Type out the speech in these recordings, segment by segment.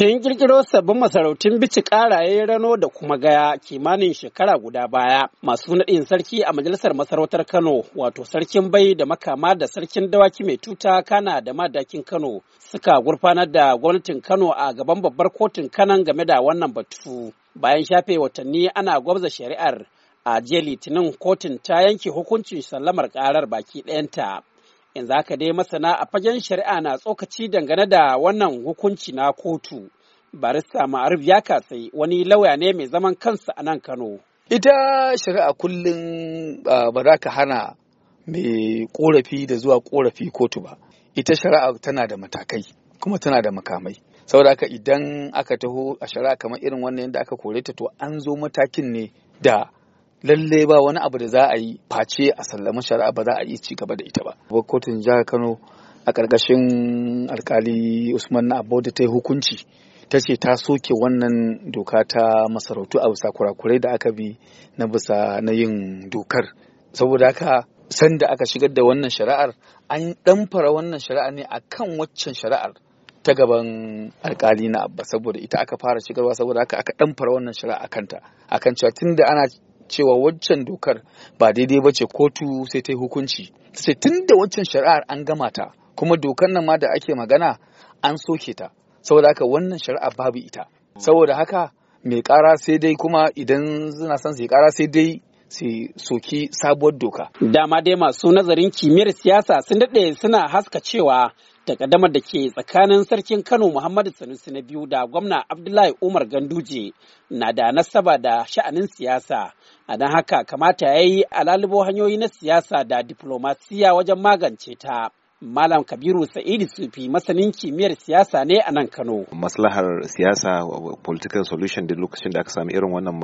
Tun kirkiro sabbin masarautun bici karaye rano da kuma gaya kimanin shekara guda baya masu naɗin sarki a majalisar masarautar Kano wato sarkin bai da makama da sarkin dawaki mai tuta kana da madakin Kano suka gurfanar da gwamnatin Kano a gaban babbar kotun kanan game da wannan batu bayan shafe watanni ana gwabza shari'ar a jiya litinin kotun ta yanke hukuncin sallamar karar baki ɗayanta za ka dai masana a fagen shari'a na tsokaci dangane da wannan hukunci na kotu. Barista Ma'arif ya kasai wani lauya ne mai zaman kansa a nan Kano. Ita shari'a kullum ba za ka hana mai korafi da zuwa korafi kotu ba. Ita shari'a tana da matakai kuma tana da makamai. saboda haka idan aka taho a shari'a kamar irin wannan yadda aka kore ta to an zo matakin ne da lalle ba wani abu da za a yi face a sallama shari'a ba za a yi ci gaba da ita ba. Babbar kotun jihar Kano a ƙarƙashin alkali Usman na da ta yi hukunci ta ce ta soke wannan doka ta masarautu a bisa kurakurai da aka bi na bisa na yin dokar. Saboda haka sanda aka shigar da wannan shari'ar an ɗan fara wannan shari'ar ne akan waccan shari'ar ta gaban alkali na abba saboda ita aka fara shigarwa saboda haka aka fara wannan shari'a kanta kan cewa tunda ana cewa waccan dokar ba daidai ba ce kotu sai ta yi hukunci sai tun da waccan shari'ar an gama ta kuma dokar nan ma da ake magana an soke ta saboda haka wannan shari'a babu ita saboda haka mai kara sai dai kuma idan suna son su yi kara sai dai su soki sabuwar doka. Dama dai masu nazarin kimiyyar siyasa sun daɗe suna haska cewa takaddamar da ke tsakanin sarkin Kano Muhammadu Sanusi na biyu da gwamna Abdullahi Umar Ganduje na da nasaba da sha'anin siyasa. A don haka kamata ya yi alalibo hanyoyi na siyasa da diplomasiya wajen magance ta. Malam Kabiru Sa'idu Sufi masanin kimiyyar siyasa ne a nan Kano. Maslahar siyasa political solution da lokacin da aka samu irin wannan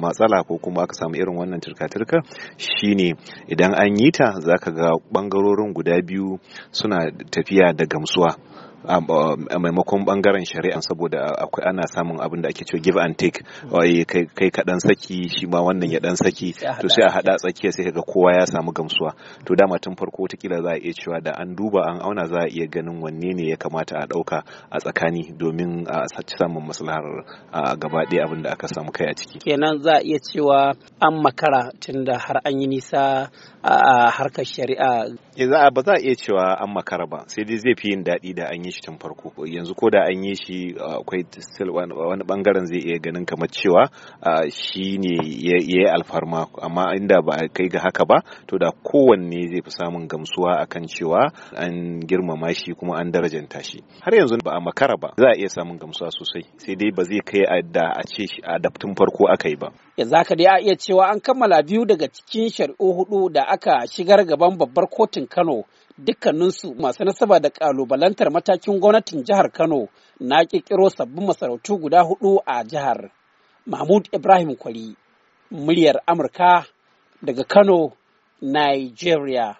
matsala ko kuma aka samu irin wannan turka-turka shine idan an yi ta za ka ga bangarorin guda biyu suna tafiya da gamsuwa. a maimakon bangaren shari'a saboda akwai ana samun abin da ake cewa give and take mm. kai ka dan saki shi ma wannan ya dan saki to sai a hada tsakiya sai kaga kowa ya samu gamsuwa to dama tun farko kila za a iya cewa da an duba an auna za a iya ganin wanne ne ya kamata a dauka a tsakani domin a samun maslahar gaba ɗaya abin da aka samu kai a ciki kenan za a iya cewa an makara tunda har an yi nisa a harkar shari'a eh, ba za a iya cewa an makara ba sai dai zai fi yin daɗi da an yi yi shi tun farko yanzu ko da an yi shi uh, akwai still wani bangaren zai iya ganin kamar cewa uh, shi ne ya yi alfarma amma inda ba a kai ga haka ba to da kowanne zai fi samun gamsuwa akan cewa an girmama shi kuma an darajanta shi har yanzu ba a makara ba za a iya samun gamsuwa sosai sai dai ba zai kai da a ce shi a farko aka yi ba yanzu ka dai a iya cewa an kammala biyu daga cikin shari'o hudu da aka shigar gaban babbar kotun Kano dukkaninsu masu nasaba da ƙalubalantar matakin gwamnatin jihar Kano na ƙirƙiro sabbin masarautu guda hudu a jihar. Mahmud Ibrahim Kwari, muryar Amurka daga Kano, Nigeria.